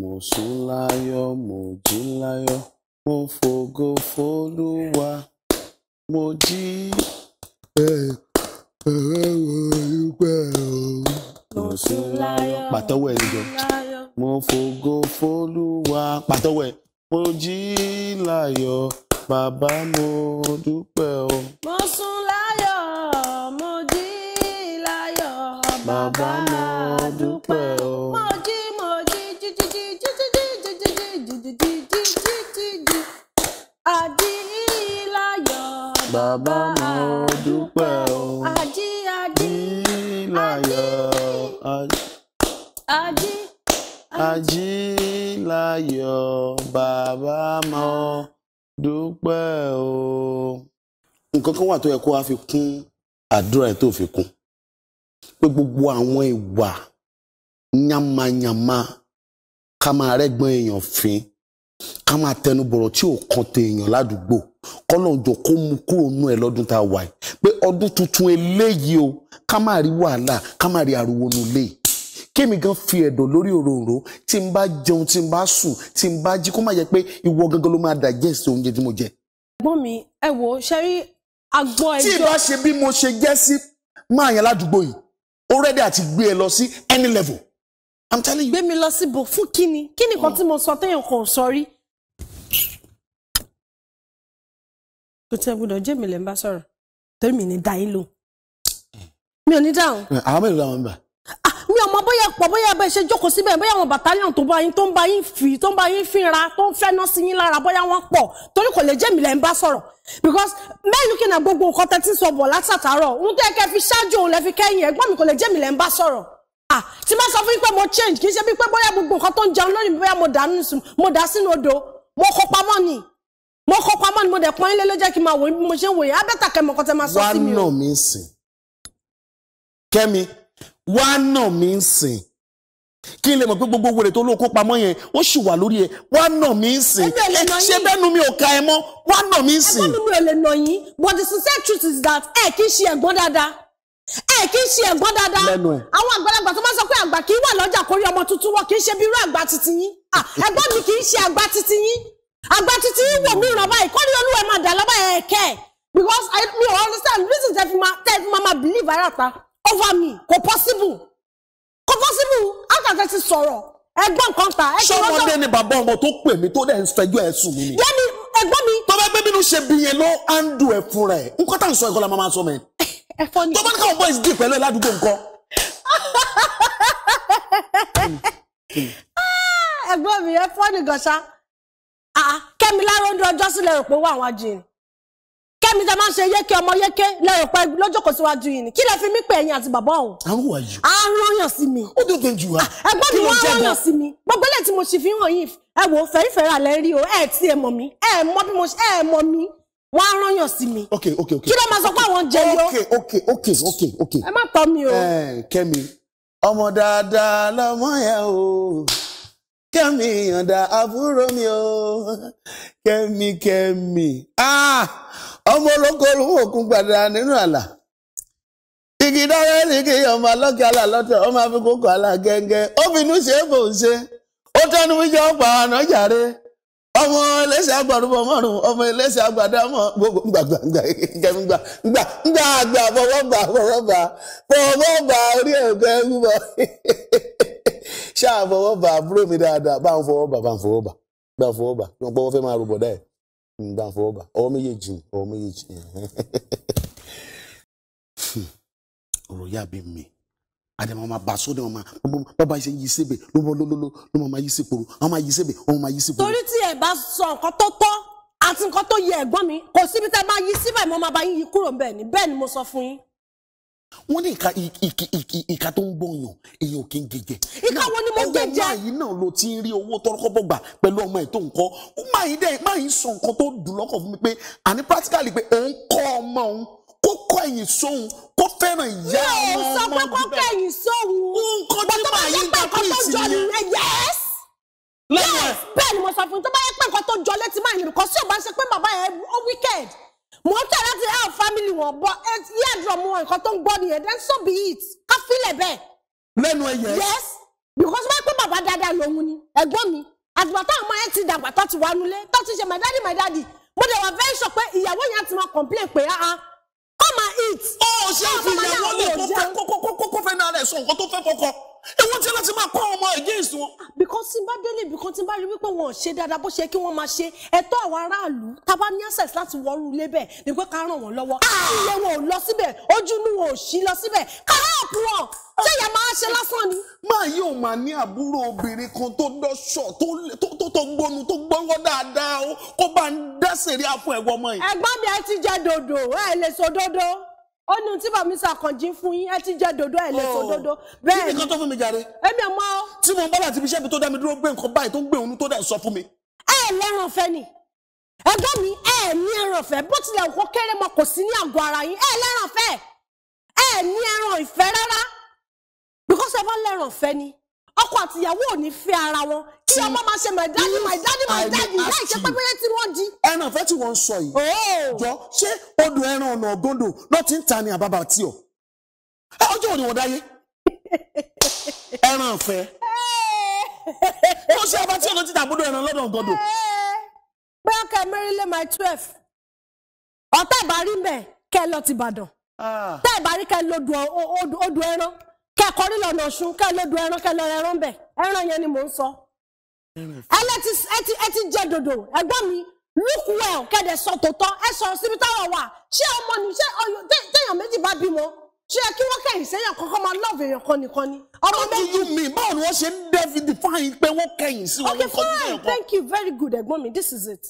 mo sùn láyọ̀ mo jí láyọ̀ mo fògo f'Olúwa mo jí. ẹ̀rẹ́ wo dúpẹ́ o. mo sùn láyọ̀ pàtọ́wọ́ ẹ̀ níjọ. mo fògo f'Olúwa pàtọ́wọ́ mo jí láyọ̀ bàbá mo dúpẹ́ o. mo sùn láyọ̀ mo jí láyọ̀ bàbá mo dúpẹ́ o. bàbá mo dúpẹ́ o ají ají láyọ̀ ají ají láyọ̀ bàbá mo dúpẹ́ o. nǹkan kan wà tó yẹ kó a fi kún àdúrà ẹ̀ tó fi kún pé gbogbo àwọn ìwà yamayama ká máa rẹ́gbọ́n èèyàn fín ká máa tẹnu bọ̀rọ̀ tí ò kan tèèyàn ládùúgbò kọ́lọ́njọ kó mú kúrò nú ẹ lọ́dún tá a wà yìí pé ọdún tuntun eléyìí o ká má rí wàhálà ká má rí ariwo nu lé kémi gan fi ẹ̀dọ̀ lórí òróró tí n bá jẹun tí n bá sùn tí n bá jí kó má yẹ pé ìwọ gangan ló máa digest oúnjẹ tí mo jẹ. ẹ̀gbọ́n mi ẹ wo ṣe rí agbọ́ ẹjọ́. tí ìbá ṣe bí mo ṣe jẹ́ sí máa yẹn ládùúgbò yìí ó àti gbé ẹ lọ sí any level i'm telling you. gbé mi lọ síbò fún kíni kíni kan oh. tí mo sọ téèyàn kan sọ rí kò tẹ́ gbọ́dọ̀ jẹ́ mi lẹ́ ń bá sọ̀rọ̀ torí mi ní dáyín lò mi ò ní dáhùn. Eh, àwọn mélòó làwọn ń bà. Ah, mi ò mọ bóyá pọ̀ bóyá bẹ́ẹ̀ ṣe jókòó síbẹ̀ bóyá àwọn bàtálíọ̀n tó bá yín tó ń bá yín fì tó ń bá yín fínra tó ń fẹ́ná sí yín lára bóyá wọ́n pọ̀ torí kò lè jẹ́ mi lẹ́ ń bá sọ̀rọ̀ because bẹ́ẹ̀ ló kí na gbogbo nǹkan tẹ́tí sọ bọ̀ látàtàrọ̀ ohun tó yẹ kẹ́ fi ṣáájú òun lẹ́ fi kẹ́yìn ẹ̀gbọ́n mi kò lè jẹ́ mi lẹ́ ń bá sọ̀rọ̀ ah, tí bá sọ fún yín pé mo change kì í ṣe bí pé bóyá gbogbo nǹkan tó ń jẹun lónìí bóyá mo dà sínú odò mo kó pamọ́ ni mo kọ pamọ́ ni mo dẹ̀ pọ́n ilé ló jẹ́ kí n máa wòye bí mo ṣe ń wòye abẹ́ta kẹ́mọ̀ kan tẹ́ máa sọ sí mi o. wá nà mí sìn kẹ́mi wá nà mí sìn kí n lè mọ̀ pé gbogbo wèrè tó lóko pamọ́ yẹn ó sì wà lórí ẹ̀ wá nà mí sìn ṣé bẹ́nu mi ò ka ẹ mọ́ wá nà mí sìn. ẹgbẹ́ mi ò lè nà yín but the sincere truth is that ẹ kì í ṣe ẹ̀gbọ́n dáadáa ẹ kì í ṣe ẹ̀gbọ́n dáadáa àwọn àgbàlagbà tó máa sọ pé àgbà kì í wà lọ́jà kórí ọmọ tuntun wọn kì í ṣe bí irú àgbà titi yín ẹ̀gbọ́n mi kì í ṣe àgbà titi yín àgbà títí wò mí ràn báyìí kọ́ ni olúwa máa dà lọ́bàá yẹn kẹ́ because I mi ò understand reason tẹ́ fi máa tẹ́ fi máa máa believe ara ta over me kò possible kò possible àkàtà ti sọ̀rọ̀ ẹgbọ́n kan ta. ṣé wọ́n dé ni bàbá ọmọ tó pè mí tó dẹ̀ ń fẹjọ́ ẹ̀ sùn mí ni. yẹ́nì ẹ̀gbọ́n mi. tó bá gbé bínú ṣe bí yẹn ló á ń du ẹ̀ fún rẹ̀ nǹkan tá à ń me. ìkọlá máa sọ mẹ́. ẹ fọ́ ni. tó bá ní káwọn boys dì pẹ̀lú ẹ̀ ládùúgbò nǹkan. Ah, ẹ̀gbọ́n mi ẹ fọ́ ni gọ̀ṣà. Ah, ah, kẹ́mi láròndó ọjọ́ sí lẹ́rù pé wà wá jù yìí kẹ́mi tẹ máa ń ṣe yéke ọmọ yéke lẹ́rù pé lójókòó síwájú yìí ni kí lẹ fi mí pè ẹ̀yin àti bàbá ọ̀hún. à ah, ń wà yìí. sí mi. ó dùn tó jù wá. ẹgbẹ́ mi wọ́n rányàn sí mi gbogbo ilé tí mo ṣì fi hàn yìí ẹ wò ó fẹ́rífẹ́rí alẹ́ rí o ẹ ti ẹ mọ̀ mí ẹ mọ̀ bí mo ṣe ẹ mọ̀ mí wọ́n á sí mi. ok ok ok kí ló máa sọ pé àwọn jẹ yó. ok ok ok ok ok. ẹ má o. Eh, kẹ́mi yọ̀ǹda àbúrò mi o kẹ́mi kẹ́mi ah! ọmọ olóko olówó òkun gbàdá nínú àlà igi dáwẹ́ ní ọmọ alọ́kẹ́ àlà lọ́tọ̀ ọmọ afikókò àlà gẹ́gẹ́ obìnrin ṣe é bò ń ṣe ó tẹnu wíjọ pa àná jàre ọmọ ẹlẹ́sẹ̀ agbàdúgbò mọ́rùn ọmọ ẹlẹ́sẹ̀ agbàdámọ̀ gbogbo gbàgbàgbà gbàgbà gbàgbà fọwọ́ gbà fọwọ́ gbà fọwọ́ gbà orí ẹ̀gbẹ́ ṣáà fọwọ́ bà àbúrò mi dáadáa bá ń fọwọ́ bà bá ń fọwọ́ bà bá ń fọwọ́ bà wọn pọ́wọ́ fẹ́ máa rúbọ̀ dáẹ̀ hmm, bá ń fọwọ́ bà ọwọ́ méjèèjì ni ọwọ́ méjèèjì ọ̀rọ̀ yà bí mi àdèmọ̀ máa bà sódì ọmọ bọ́ bá ṣe yí síbẹ̀ ló bọ́ lólóló ló máa yí sípòrò wọ́n máa yí síbẹ̀ wọ́n máa yí sípòrò. torí tí ẹ bá sọ nǹkan tó tọ́ àti nǹkan tó yẹ ẹ̀gbọ́n mi kò síbi tẹ́ bá yí síbẹ̀ mo máa bá yín yí kúrò bẹ́ẹ̀ ni bẹ́ẹ̀ ni mo sọ fún yín wọ́n ní ìka ìka tó ń bọ̀yàn èyàn ò kí ń gègé. ìka wo ni mo gègé. ọwọ́ máa yìí náà ló ti ń rí owó tọrọkọ́bọ̀ gbà pẹ̀lú ọmọ ẹ̀ tó ń kọ́ máa yìí dẹ́ máa yìí sọ nǹkan tó dùn lọ́kàn fún mi pé àní practically pé òun kọ́ ọmọ òun kó kọ́ ẹ̀yìn sóhun kó fẹ́ràn ìyá ọmọ ọmọ jù bẹ́ẹ̀. mi ò sọ pé kó kẹ́yìn sóhun. nǹkan tí màá yí ń dá pé ìsinmi lẹ́yìn bẹ́ẹ̀ ni mo sọ fún yín tó bá yẹ mo tẹ̀ láti help family wọn bọ yíyá drum wọn nǹkan tó ń gbọ́ nìyẹn then so be it ká fílẹ̀ bẹ́ẹ̀. lẹ́nu ẹ̀yẹ. yes because wọ́n pé bàbá dáadáa lòun ni ẹ̀gbọ́n mi àtìgbà táwọn ọmọ yẹn ti dàgbà tó ti wà nulẹ̀ tó ti ṣe my daddy my daddy mo dẹ̀ wà very sure pé ìyàwó yẹn ti máa complain pé ah ah come and eat. ó ṣe ìfìyàwó lè kó fẹ́ kó fẹ́ náà rẹ̀ sọ nǹkan tó fẹ́ kọ́kọ́ ẹ̀wọ̀n tí láti máa kọ́ àwọn ọmọ against wọn. because tí n bá délé ibì kan tí n bá rí wípé wọn ò ṣe dáadáa bó ṣe kí wọ́n máa ṣe ẹ̀tọ́ àwọn aráàlú tá bá ní access láti wọrú ilé bẹ́ẹ̀ ni pé ká ràn wọ́n lọ́wọ́ ah! ilé wọn ò lọ síbẹ̀ ojú inú wọn ò ṣí lọ síbẹ̀ ká help wọn ṣé ìyá máa ṣe lásán ni. máa yóò máa ní àbúrò obìnrin kan tó dọ́ṣọ̀ tó gbónú tó gbọ́wọ́ dáadáa ó kó bá ń dẹ́sẹ̀rí àfọ ẹ̀wọ̀ ọmọ yìí. ẹ̀gbọ́n mi ẹ ti jẹ dòdò ẹ lè sọ dòdò ó ní tí bàmí sàkànjì fún yín ẹ ti jẹ dodo ẹ lè so oh. dodo bẹ́ẹ̀ ni kí ni kan tó fún mi jàre. èmi ò mọ. tí mo ń bá láti fi iṣẹ́ mi tó dá mi dúró gbé nǹkan báyìí tó ń gbé òun tó dẹ̀ sọ fún mi. ẹ ẹ lẹ́ràn fẹ́ ni ẹgbẹ́ mi ẹ ẹ ní ẹran fẹ́ bó tilẹ̀ kó kéré mọ kò sí ní àgọ́ ara yín ẹ lẹ́ràn fẹ́ ẹ ní ẹran ìfẹ́ rárá bíkọ́sẹ̀ bá lẹ́ràn fẹ́ ni ọkọ àtìyàwó ò ní fẹ́ ara wọn kí ọmọ máa ṣe my daddy my daddy my daddy láì ṣe pépéré tí wọ́n di. ẹran ọ̀fẹ́ tí wọ́n ń sọ yìí oh. jọ ṣé odò ẹran ọ̀nà ọ̀gọ́ndò ló ti ń ta ni àbábà tí ọ ọjọ́ òní wọ́n dáyé ẹran ọ̀fẹ́ wọ́n eh. ṣe ọba tí ọ̀nà ti tàbúdò ẹran lọ́dọ̀ ọ̀gọ́ndò. Eh. bóyá kẹ mẹ́rìnlẹ́ my twelve ọ̀tá ìbárí mẹ́ kẹ lọ ti Ìbàdàn ah. tẹ́ ìbárí kẹ lọ́dọ̀ odò ẹran kẹkọrí lọ́nà ọ̀ṣun kẹ lódò ẹran kẹ lọ ẹran bẹ ẹran yẹn ni mò ń sọ ẹlẹti ẹti ẹti jẹ dòdò ẹ̀gbọ́n mi look well kẹdẹ sọ tòótọ́ ẹ sọ̀rọ̀ síbi táwọn wà ṣé ọmọ ni ṣé ọyọ téèyàn méjì bá bímọ ṣé ẹ kí wọ́n kẹ̀yìn sẹ́yìn kankan máa lọ́ọ̀bù èèyàn kan nìkan ni. ọmọ méjì mi báwo ni wọ́n ṣe ń david fine pé wọ́n kẹ̀yìn sí wọn. okay fine thank you very good ẹ̀gbọ́n mi this is it.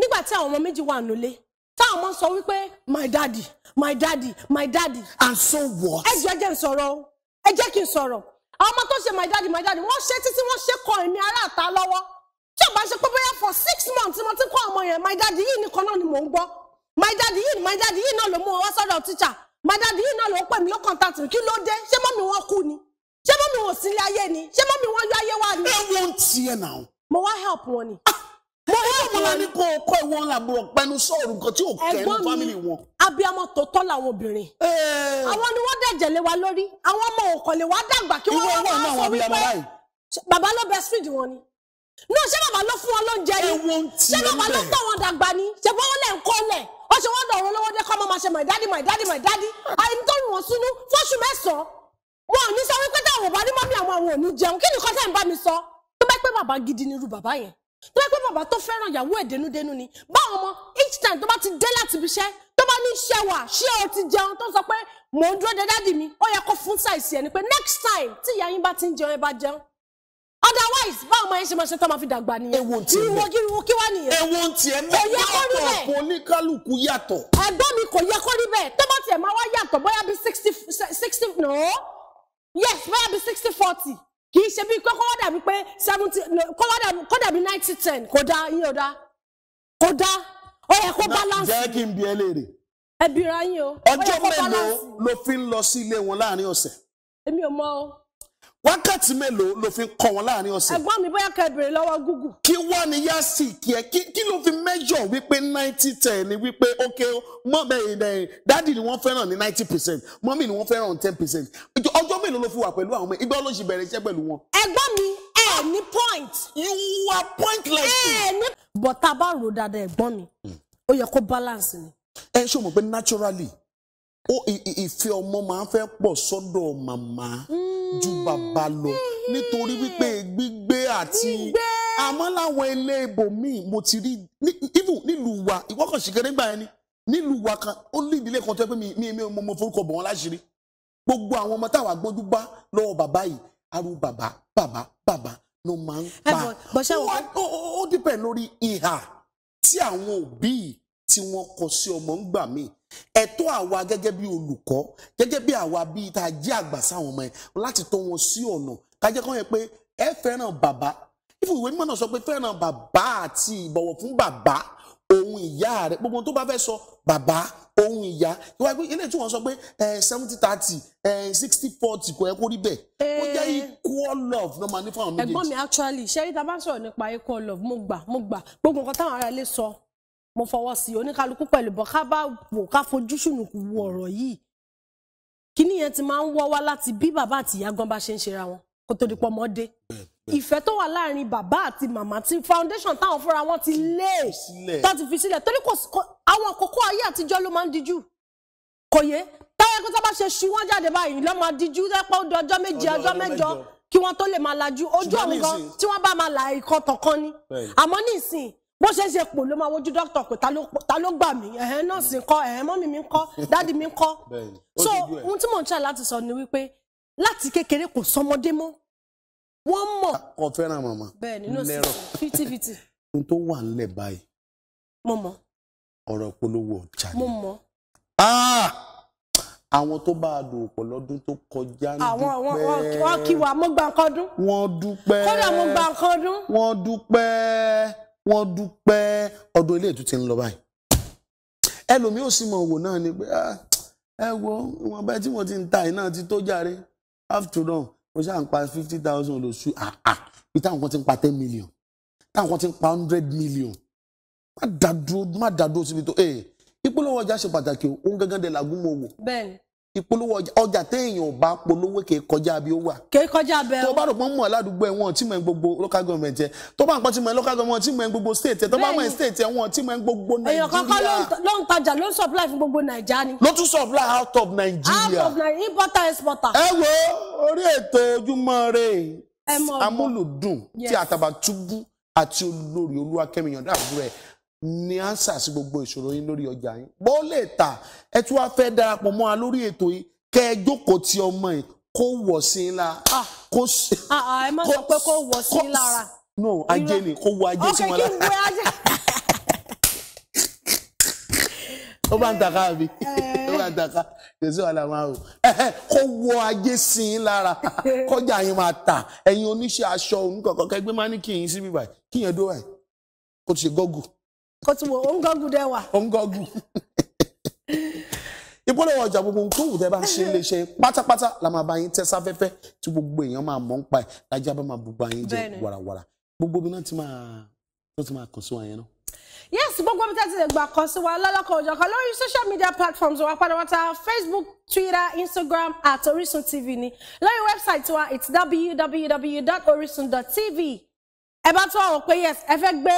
nígbà tí àwọn ọmọ méjì wà nulẹ̀ táwọn ọmọ sọ wípé my daddy my daddy my daddy. and so what. ẹ jẹ́ jẹ́ n sọ̀rọ̀ ẹ jẹ́ kí n sọ̀rọ̀ àwọn ọmọ tó ṣe my daddy my daddy wọ́n ṣe títí wọ́n ṣe kọ èmi ará àta lọ́wọ́ tí ò bá ṣe pé bóyá for six months mo ti kọ́ ọmọ yẹn my daddy yìí nìkan náà ni mò ń gbọ́ my daddy yìí my daddy yìí náà ló mú wọn sọ́dọ̀ tíṣà my daddy yìí náà ló pè mí ló contact mi kí ló dé ṣé mọ́mí wọn kú ni ṣé mọ́mí wọn ò sí ilé ayé ni ṣé mọ́mí wọn yọ ayé wa ni. ẹ wọ́n tiẹ̀ náà. mo wá help wọn ni. Ah! ọmọlá ní kó o kọ́ ìwọ ńlá àbúrò pẹnu sọ̀rọ̀ nǹkan tí ò kẹ́nu fámìlì wọn. abiyamọ tòótọ́ làwọn obìnrin. àwọn ni wọ́n dẹ̀jẹ̀ lé wa lórí àwọn ọmọ òkànlé wa dàgbà kí wọ́n wọ́n máa sọ wípé bàbá ló best friend wọn ni no ṣé bàbá ló fún wọn lóúnjẹ ni ṣé bàbá ló tọ̀ wọn dàgbà ni ṣé bọ́ wọn lẹ̀ ń kọ́ lẹ̀ ó ṣe wọ́n dọ̀rọ̀ lọ́wọ́ dé kọ́ mọ́ máa ṣe my daddy my daddy my daddy àyè tó rùn wọ́n sínú fóṣù mẹ́sàn-án wọn ò ní sọ wípé táwọn ò bá ní mọ́mí àwọn àwọn ò ní jẹun ni kọ́tà ń bá mi sọ tó bá pẹ́ bàbá gidi nírú tó bá pẹ́ bàbá tó fẹ́ràn ìyàwó ẹ̀ ni báwọn ọmọ each time tó bá ti dé láti ibi iṣẹ́ tó bá ní iṣẹ́ wà ṣé o ti jẹun tó sọ pé mò ń dúró de dádì mi ó yẹ kó fún ṣàìsí ẹni pé next time tí ìyá yín bá ti ń jẹun ẹ bá jẹun otherwise báwọn ọmọ yẹn ṣe máa ṣe tán máa fi dàgbà nìyẹn ewo ti ẹ mẹ irunwo kí wá nìyẹn ewo ti ẹ mẹ yàtọ̀ kò ní kálukú yàtọ̀. ẹ̀gbọ́n mi kò yẹ kó rí bẹ́ẹ̀ tó bá tiẹ̀ máa wá yàtọ̀ bóyá bíi sixty sixty no yes bóyá bíi sixty forty kì í ṣe bíi pé kọ́wọ́ dàbí pé seventy kọ́wọ́ dàbí kọ́ dàbí ninety ten kò dá yín ò dá kò dá ó yẹ kó balance. jẹ́ kí n bi ẹ léèrè. ẹ bira yín o. ọjọ́ mélòó ló fi ń lọ sí ilé wọn láàrin ọ̀sẹ̀. èmi ò mọ o wákàtí mélòó ló fi kọ́ wọn láàrin ọ̀sẹ̀. ẹ̀gbọ́n mi bóyá kẹ́ bèrè lọ́wọ́ Google. kí wá ni yá sí kí ẹ kí ló fi measure wípé ninety ten ni wípé ok mọ bẹ́ẹ̀ ẹ̀ dáàdì ni wọ́n fẹ́ràn ní ninety percent mọ́mì ni wọ́n fẹ́ràn ten percent ọjọ́ mélòó ló fi wà pẹ̀lú àwọn ọmọ ìgbà ló ṣì bẹ̀rẹ̀ iṣẹ́ pẹ̀lú wọn. ẹ̀gbọ́n mi ẹ ní point. you are pointless. ẹ ní. but tá a bá rò dáadáa ẹ̀gbọ́n mi hmm. ó yẹ kó balance ni. ẹ ṣé o mọ̀ pé naturally ó ìfẹ́ ọmọ máa ń fẹ́ pọ̀ sọ́dọ̀ màmá. Mm ju bàbá lọ nítorí wípé gbígbé àti àmọ́ láwọn ilé ibòmíì mo ti rí even nílùú wa ìwọ́kànṣìkẹ́ nígbà yẹn nílùú wa kan ó ní ìdílé kan tó yẹ pé mi mi mo forúkọ bọ̀ wọ́n láṣìírí gbogbo àwọn ọmọ táwọn agbójú bá lọ́wọ́ bàbá yìí arú bàbá bàbá bàbá ló máa ń pa ó dípẹ̀ lórí ìhà tí àwọn òbí tí wọ́n kọ sí ọmọ ń gbà míì ẹ̀tọ́ àwa gẹ́gẹ́ bí olùkọ́ gẹ́gẹ́ bí àwa bíi tá a jẹ́ àgbà sáwọn ọmọ yẹn láti tọ́ wọn sí ọ̀nà kájẹ́ kọ́ yẹn pé ẹ fẹ́ràn bàbá ìfún ìwé mímọ́ náà sọ pé fẹ́ràn bàbá àti ìbọ̀wọ̀ fún bàbá ohun ìyá rẹ gbogbo tó bá fẹ́ sọ bàbá ohun ìyá ìwà pé ilé tí wọ́n sọ pé seventy thirty sixty forty kò yẹ kó rí bẹ́ẹ̀ ó eh. jẹ́ equal love lọ́mọ ní fáwọn méjèèjì. ẹ̀gbọ́n mi actually ṣẹ́rí tá a bá sọ̀rọ̀ nípa equal love mo gbà mo gbà gbogbo nǹkan táwọn ará ilé sọ mo fọwọ́ sí oníkálukú pẹ̀lú bọ́ ká bá wò ká fojú sùnùkù wo ọ̀rọ̀ yìí kíní yẹn ti máa ń wọ́ wá láti bí bàbá àti ìyá gan bá ṣe ń ṣera wọn kó tó di pọ́ mọ́dé ìfẹ́ tó wà láàrin bàbá àti màmá tí foundation táwọn fúnra wọn ti lé tó ti fi sílẹ̀ torí àwọn àkókò ayé àtijọ́ ló máa ń díjú kò yé táwọn ẹgbẹ́ tó bá ṣe ṣu wọ́n jáde báyìí ló máa díjú lẹ́pọ̀ ọjọ́ méje ọjọ́ mẹ́jọ kí wọ́n tó lè máa lajú ojú ọ̀run gan tí wọ́n bá máa là ìkọ̀tọ̀ kan ni àmọ́ ní bó ṣe ṣe pò ló máa wojú dókítà pé ta ló gbà mí ẹ̀hẹ́n nọ́ọ̀sì ńkọ́ ẹ̀hẹ́n mọ́mì mi ńkọ́ dáàdì mi ńkọ́ so ohun tí mò ń ṣe láti sọ ni wípé láti kékeré kò sọmọdé mọ́ wọ́n mọ̀. kò fẹ́ràn màmá lẹ́rọ fitifiti. ohun tó wà ńlẹ̀ báyìí. mo mọ̀. ọ̀rọ̀ polówó ọjà ni. mo mọ̀. Ah! àwọn tó bá a dùn pọ̀ lọ́dún tó kọjá ń dúpẹ́. àwọn wọn kí wa mo gba nǹkan dún. wọ́n dúpẹ́. kódà mo gba nǹkan dún. wọ́n dúpẹ́ wọ́n dúpẹ́ ọdún ilé ìtútù ń lọ báyìí ẹlòmíì ò sì mọ òwò náà ni pé ah, ẹ wo ìwọ̀nba tí mo ti ń ta iná ti tó jàre after all mo ṣáà ń pa fifty thousand lóṣù àà ah, ah, bí táwọn kan ti ń pa ten million táwọn kan ti ń pa hundred million má dàdúró má dàdúró síbi tó ẹ eh, ìpolówó ọjà ṣe pàtàkì òun gángan dẹ̀ làgùn mọ́ owó. bẹ́ẹ̀ni ìpolówó ọjà téèyàn ò bá polówó kè kọjá bí ó wà. kè kọjá bẹ́ẹ̀ o. tó bá rò pọ́n mọ̀ aládùúgbò ẹ̀ wọ́n ti mọ̀ ẹ́ gbogbo local government yẹn tó bá ń pọ́n ti mọ̀ ẹ́ local government ti mọ̀ ẹ́ gbogbo state yẹn tó bá mọ̀ ẹ́ state yẹn wọ́n ti mọ̀ ẹ́ gbogbo nàìjíríà. èèyàn kankan ló ń tajà ló ń supply fún gbogbo nàìjíríà ni. ló tún supply out of Nigeria. out of Nigeria importer exporter. ẹ wo orí ètò ojúmọ́ rẹ̀ amúlùdùn ti Àtàbàtúbú àti olórí Olúwakẹ́mi Ìyàndá àbúrò ẹ̀ ní answer sí gbogbo ìṣòro yín lórí ọjà yín bó lè tà ẹ tún wá fẹ́ darapọ̀ mọ́ wa lórí ètò yìí kẹ́ ẹ jókòó ti ọmọ yìí kó wọ̀ sí i la ah, kó sí. Ah, ah, ẹ má sọ pé kó wọ̀ sí i lára. no ajé ni kó wọ ajé sí wọn lára. ọkẹ kí n wọ ajé. ó bá ń ta káàbí ó bá ń ta ká jésù àlàmà o kó wọ ajé sí i lára kọjá yín máa tà ẹ̀yin oníṣẹ́ aṣọ oníkọ̀ọ̀kan kẹgbẹ́ máa ní kí yín síbí báyìí kí yẹn dó báyìí kó ti ṣe gọ́gù kótó ongogu dẹ wà. ongogu ìpolówó ọjà gbogbo nǹkan òwò tẹ bá ń ṣe iléeṣẹ́ pátápátá la máa bá yín tẹ sáfẹ́fẹ́ tí gbogbo èèyàn máa mọ̀ ń pa ẹ̀ lájà bá máa bùbá yín jẹ wàràwàrà gbogbo mi náà ti máa tó ti máa kàn sí wọn yẹn náà. yes gbogbo mi tẹ́tí lè gbà kàn sí wa lọ́lọ́kọ̀ òjọ̀ kan lórí social media platforms wa pátápátá facebook twitter instagram at orisun tv ni lórí website wa it's www.orisun.tv ẹ bá tọ́ ọ̀hún pé yes ẹ fẹ́ gbé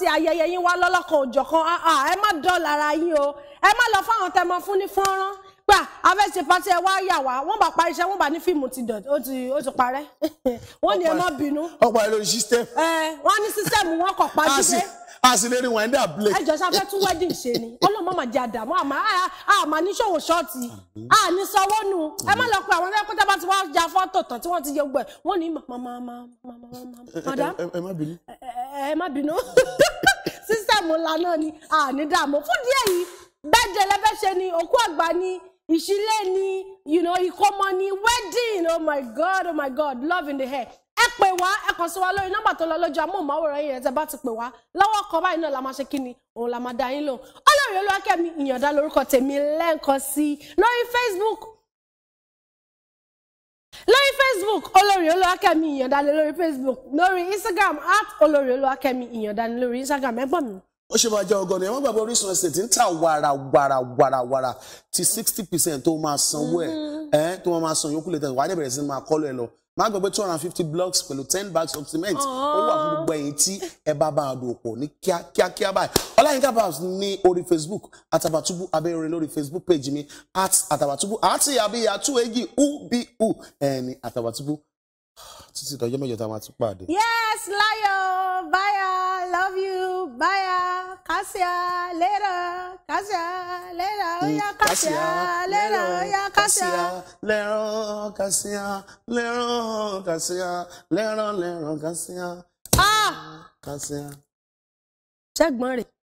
yin ayẹyẹ yín wá lọ́lọ́kan òjọ̀kan ah, ah, ẹ má dọ́là ara yín o ẹ má lọ fáwọn tẹmọ fún ní fọ́nrán gbà ah, a fẹ́ ṣe pati ẹ wá yà wá wọ́n bá parí iṣẹ́ wọ́n bá ní fíìmù ti dọ̀ ó ti ó ti parẹ́ wọ́n ní ẹ má bínú. ọ̀pọ̀ ẹ̀ lórí sísítẹ́mù. ẹ wọ́n ní sísítẹ́mù wọn kọ̀ pàjùlẹ̀ a sì lè rí wọn ẹ̀dá blake. ẹ jọ sáfẹ́ tún wedding ṣe ni ọlọ́mọ mà jẹ́ àdàmú àmọ́ àmọ́ níṣòwò ṣọ́ọ̀tì àní sanwó nu ẹ má lọ pé àwọn ẹgbẹ́ kọ́tà bá ti wá ya fọ́tò tán tí wọ́n ti yẹ gbẹ wọ́n ní màmá màmá ẹ má bínú. ẹ má bínú sísẹ̀mù lànà ni àní dààmú fún díẹ̀ yìí bẹ́ẹ̀ jẹ́ lẹ́fẹ́ ṣe ni òkú àgbà ni ìṣílẹ̀ ni you know ìkómọ ni wedding oh my god oh my god love in the hair ẹ pè wá ẹ kàn sí wa lórí nọ́mbà tó lọ lójú amóhùnmáwòrán yẹn tẹ bá ti pè wá lọ́wọ́ kan báyìí náà la máa ṣe kí ni òun la máa dá yín lò olórí olúwakẹ́mi ìyàndá lórúkọ tèmi lẹ́ǹkan sí lórí Facebook lórí facebook olórí olúwakẹ́mi ìyàndá facebook lórí instagram at olórí olúwakẹ́mi ìyàndá lórí instagram ẹ̀gbọ́n mi ó ṣe máa jẹ́ ọgọ́ni ẹ̀ wọ́n gbàgbọ́ Orísun estate ń ta wàrà wàrà wàrà wàrà ti sixty percent tó máa sanwó ẹ̀ mm-hmm. ẹ̀ tó máa san yòókù lẹ́tẹ̀ wàá dẹ̀ bẹ̀rẹ̀ sí máa kọ́lọ̀ ẹ̀ lọ má gbàgbé two hundred and fifty blocks pẹ̀lú ten bags of cement ó wà fún gbogbo ẹ̀yìn tí ẹ bá bá àdùn òpó ní kíákíá báyìí Ọláyínká Babs ní orí Facebook Àtàbàtúbú abẹ́rẹ́ lórí Facebook page mi at Àtàbàtúbú àti àbíyá two egi ubu ẹni Àtàbàtúbú títí ìdọ́jọ́ mẹ́jọ tá a máa tún pàdé. yes layo bye love you bye. Kasia lera, Kasia lera, oya mm, Kasia lera, oya Kasia lera, Kasia lera, Kasia lera, lera Kasia. Ah! Kasia. Ṣẹ́gbọ́n rẹ̀.